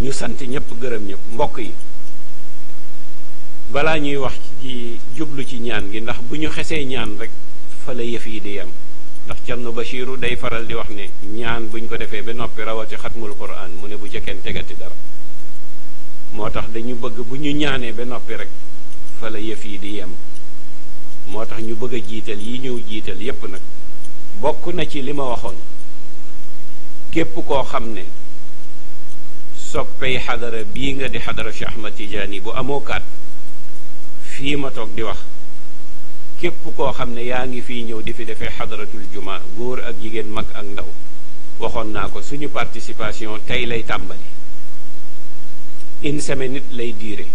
ñu sant ñëpp gërëm ñëpp mbokk yi balaa ñuy wax ci jublu ci ñaan gi ndax bu ñu xesee ñaan rek fa la yëf yi di yem ndax Cerno Bachiru day faral di wax ne ñaan buñ ko defee ba noppi rawati xatmul Qur'an mu ne bu ca kenn tegati dara moo tax dañu bëgg bu ñu ñaanee ba noppi rek fa la yëf yi di yem moo tax ñu bëgg a jiital yi ñëw jiital yépp nag bokk na ci li ma waxoon képp koo xam ne soppey xadara bii nga di xadara Cheikh Ahmad Tidiane bu amoo kaat fii ma toog di wax képp koo xam ne yaa ngi fii ñëw di fi defee xadaratul juma góor ak jigéen mag ak ndaw waxoon naa ko suñu participation tey lay tàmbali une semaine nit lay diire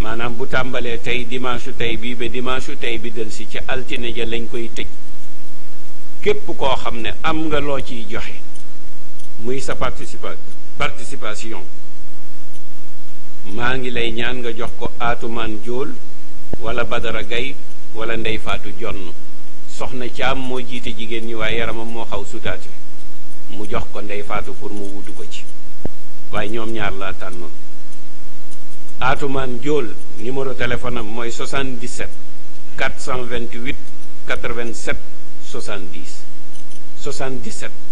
maanaam bu tàmbalee tey dimanche tey bii ba dimanche tey bi del si ci altine ja lañ koy tëj képp koo xam ne am nga loo ciy joxe muy sa participa maa ngi lay ñaan nga jox ko Atumaan Jool wala Badara Gay walla Ndey Faatu Jonn soxna Caam moo jiite jigéen ñi waaye yaramam moo xaw sutaate mu jox ko Ndey Faatu pour mu wutu ko ci waaye ñoom ñaar laa tànnoon Atumaan Jool numéro téléphone mooy mooy 77 428 87 70 77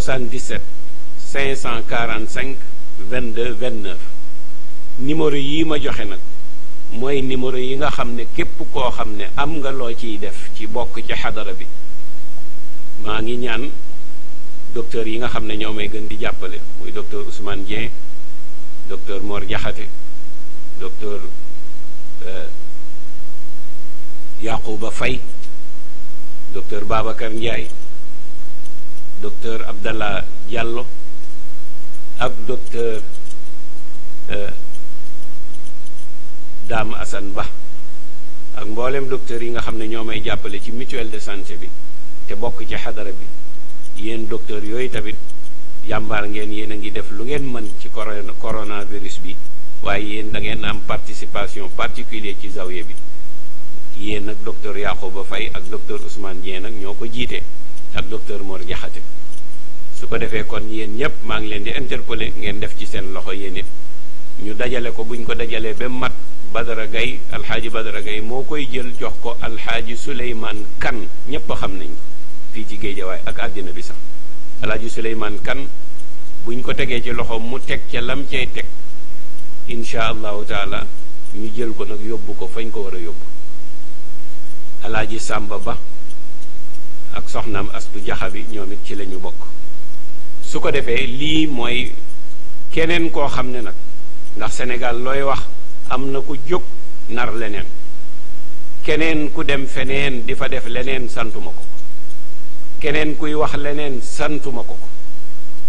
77 545 22 29 numéro yii ma joxe nag mooy numéro yi nga xam ne képp koo xam ne am nga loo ciy def ci bokk ci xadara bi maa ngi ñaan docteur yi nga xam ne ñoo may gën di jàppale muy docteur Ousmane Dieng docteur Mor Diakhaté docteur euh, Yacouba Faye docteur Babacar Ndiaye docteur Abdallah Diallo ak docteur euh, Dame Assane Ba ak mboolem docteur yi nga xam ne ñoo may jàppale ci mutuelle de santé bi te bokk ci xadara bi yéen docteur yooyu tamit jàmbaar ngeen yéen a ngi def lu ngeen mën ci corona coronavirus bi waaye yéen da ngeen am participation particulier ci zawiya bi yéen ak docteur Yakhouba fay ak docteur Ousmane yeen nag ñoo ko jiite. ak docteur Mor Diakhaté su ko defee kon yéen ñëpp maa ngi leen di interpeller ngeen def ci seen loxo yéen it ñu dajale ko buñ ko dajalee ba mat Badara gay alxaaji Badara Gaye moo koy jël jox ko alxaaji Souleymane Kane ñépp a xam nañ fii ci géejawaay ak àddina bi sax alxaaji Souleymane kan buñ ko tegee ci loxo mu teg ca lam cay teg incha allahu taala ñu jël ko nag yóbbu ko fañ ko war a yóbbu alaaji sàmba Ba ak soxnaam astu jaxa bi ñoom it ci la ñu bokk su ko defee lii mooy keneen koo xam ne nag ndax Sénégal looy wax am na ku jóg nar leneen keneen ku dem feneen di fa def leneen santuma ko keneen kuy wax leneen santuma ko ko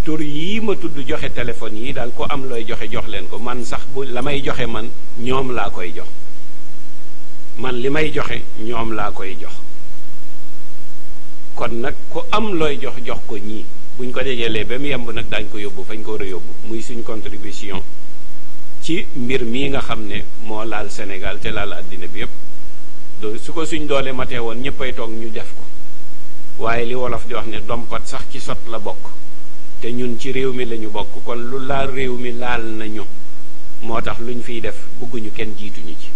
tur yii ma tudd joxe téléphone yi daal ku am looy joxe jox leen ko man sax la may joxe man ñoom laa koy jox man li may joxe ñoom laa koy jox kon nag ku am looy jox jox ko ñii buñ ko dajalee ba mu yemb nag daañ ko yóbbu fañ ko war a yóbbu muy suñ contribution ci mbir mii nga xam ne moo laal Sénégal te laal àddina bi yëpp do su ko suñ doole matee woon ñëppay toog ñu def ko waaye li wolof di wax ne dompat sax ci sot la bokk te ñun ci réew mi lañu bokk kon lu laal réew mi laal nañu moo tax luñ fiy def bëgguñu kenn jiituñu ci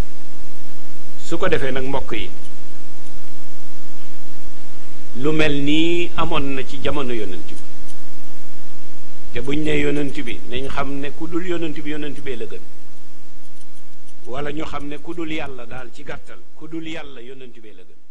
su ko defee nag mbokk yi lu mel nii amoon na ci jamono yonent bi te buñ ne yonent bi nañ xam ne ku dul yonent bi yonent bee la gën wala ñu xam ne ku dul yàlla daal ci gàttal ku dul yàlla yonent bee la gën